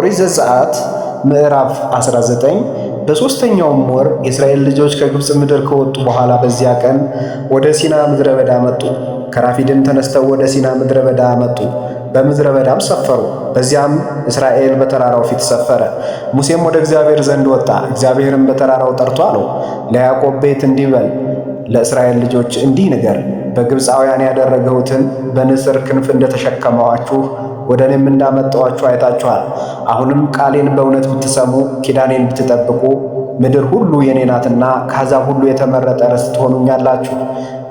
ኦሪት ዘጸአት ምዕራፍ 19 በሦስተኛውም ወር የእስራኤል ልጆች ከግብፅ ምድር ከወጡ በኋላ በዚያ ቀን ወደ ሲና ምድረ በዳ መጡ። ከራፊድም ተነስተው ወደ ሲና ምድረ በዳ መጡ። በምድረ በዳም ሰፈሩ። በዚያም እስራኤል በተራራው ፊት ሰፈረ። ሙሴም ወደ እግዚአብሔር ዘንድ ወጣ። እግዚአብሔርም በተራራው ጠርቶ አለው፣ ለያዕቆብ ቤት እንዲህ በል፣ ለእስራኤል ልጆች እንዲህ ንገር፣ በግብፃውያን ያደረገውትን በንስር ክንፍ እንደተሸከማዋችሁ ወደ እኔም እንዳመጣኋችሁ አይታችኋል። አሁንም ቃሌን በእውነት ብትሰሙ ኪዳኔን ብትጠብቁ ምድር ሁሉ የኔ ናትና ከአሕዛብ ሁሉ የተመረጠ ርስት ትሆኑኛላችሁ።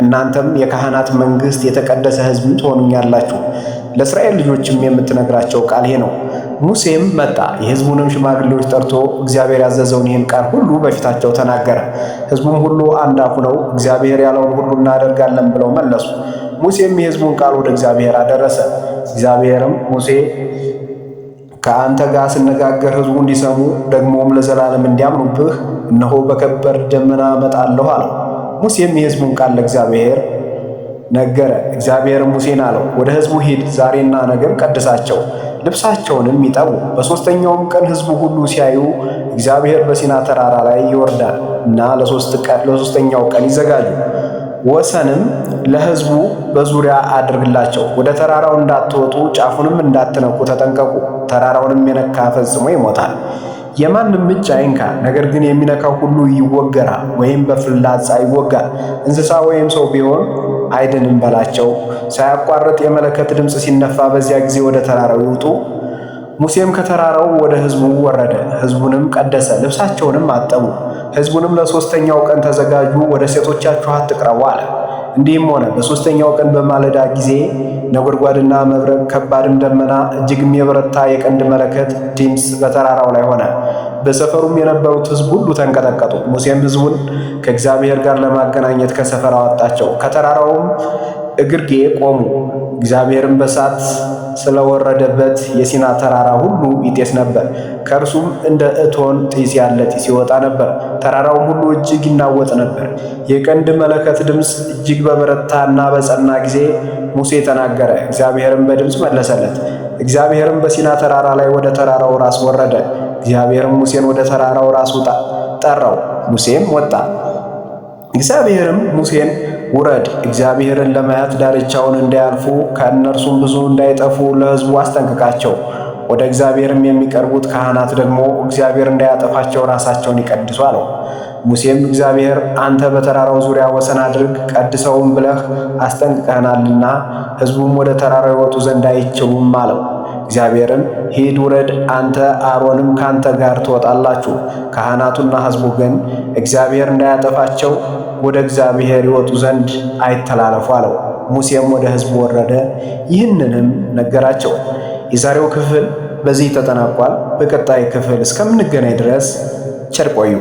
እናንተም የካህናት መንግሥት፣ የተቀደሰ ሕዝብም ትሆኑኛላችሁ። ለእስራኤል ልጆችም የምትነግራቸው ቃል ይሄ ነው። ሙሴም መጣ፣ የሕዝቡንም ሽማግሌዎች ጠርቶ እግዚአብሔር ያዘዘውን ይህን ቃል ሁሉ በፊታቸው ተናገረ። ሕዝቡም ሁሉ አንድ አፍ ሆነው እግዚአብሔር ያለውን ሁሉ እናደርጋለን ብለው መለሱ። ሙሴም የሕዝቡን ቃል ወደ እግዚአብሔር አደረሰ። እግዚአብሔርም ሙሴ ከአንተ ጋር ስነጋገር ሕዝቡ እንዲሰሙ ደግሞም ለዘላለም እንዲያምኑብህ እነሆ በከበር ደመና እመጣለሁ አለው። ሙሴም የሕዝቡን ቃል ለእግዚአብሔር ነገረ። እግዚአብሔርም ሙሴን አለው፣ ወደ ሕዝቡ ሂድ፣ ዛሬና ነገም ቀድሳቸው፣ ልብሳቸውንም ይጠቡ። በሦስተኛውም ቀን ሕዝቡ ሁሉ ሲያዩ እግዚአብሔር በሲና ተራራ ላይ ይወርዳል እና ለሦስተኛው ቀን ይዘጋጁ ወሰንም ለህዝቡ በዙሪያ አድርግላቸው። ወደ ተራራው እንዳትወጡ ጫፉንም እንዳትነኩ ተጠንቀቁ። ተራራውንም የነካ ፈጽሞ ይሞታል። የማንም እጅ አይንካ፣ ነገር ግን የሚነካው ሁሉ ይወገራ ወይም በፍላጻ ይወጋል። እንስሳ ወይም ሰው ቢሆን አይድንም በላቸው። ሳያቋርጥ የመለከት ድምፅ ሲነፋ በዚያ ጊዜ ወደ ተራራው ይውጡ። ሙሴም ከተራራው ወደ ህዝቡ ወረደ። ህዝቡንም ቀደሰ፣ ልብሳቸውንም አጠቡ። ህዝቡንም ለሦስተኛው ቀን ተዘጋጁ፣ ወደ ሴቶቻችሁ አትቅረቡ አለ። እንዲህም ሆነ በሦስተኛው ቀን በማለዳ ጊዜ ነጎድጓድና መብረቅ፣ ከባድም ደመና፣ እጅግም የበረታ የቀንድ መለከት ድምፅ በተራራው ላይ ሆነ። በሰፈሩም የነበሩት ሕዝብ ሁሉ ተንቀጠቀጡ። ሙሴም ሕዝቡን ከእግዚአብሔር ጋር ለማገናኘት ከሰፈር አወጣቸው። ከተራራውም እግርጌ ቆሙ። እግዚአብሔርም በእሳት ስለወረደበት የሲና ተራራ ሁሉ ይጤስ ነበር። ከእርሱም እንደ እቶን ጢስ ያለ ጢስ ይወጣ ነበር። ተራራውም ሁሉ እጅግ ይናወጥ ነበር። የቀንድ መለከት ድምፅ እጅግ በበረታና በጸና ጊዜ ሙሴ ተናገረ፣ እግዚአብሔርም በድምፅ መለሰለት። እግዚአብሔርም በሲና ተራራ ላይ ወደ ተራራው ራስ ወረደ። እግዚአብሔርም ሙሴን ወደ ተራራው ራስ ውጣ ጠራው፣ ሙሴም ወጣ። እግዚአብሔርም ሙሴን ውረድ፣ እግዚአብሔርን ለማየት ዳርቻውን እንዳያልፉ ከእነርሱም ብዙ እንዳይጠፉ ለሕዝቡ አስጠንቅቃቸው። ወደ እግዚአብሔርም የሚቀርቡት ካህናት ደግሞ እግዚአብሔር እንዳያጠፋቸው ራሳቸውን ይቀድሱ አለው። ሙሴም እግዚአብሔር አንተ በተራራው ዙሪያ ወሰን አድርግ ቀድሰውም ብለህ አስጠንቅቀህናልና ሕዝቡም ወደ ተራራው ይወጡ ዘንድ አይችሉም አለው። እግዚአብሔርም ሂድ፣ ውረድ፣ አንተ አሮንም ካንተ ጋር ትወጣላችሁ፣ ካህናቱና ሕዝቡ ግን እግዚአብሔር እንዳያጠፋቸው ወደ እግዚአብሔር ይወጡ ዘንድ አይተላለፉ አለው። ሙሴም ወደ ሕዝቡ ወረደ፣ ይህንንም ነገራቸው። የዛሬው ክፍል በዚህ ተጠናቋል። በቀጣይ ክፍል እስከምንገናኝ ድረስ ቸር ቆዩ።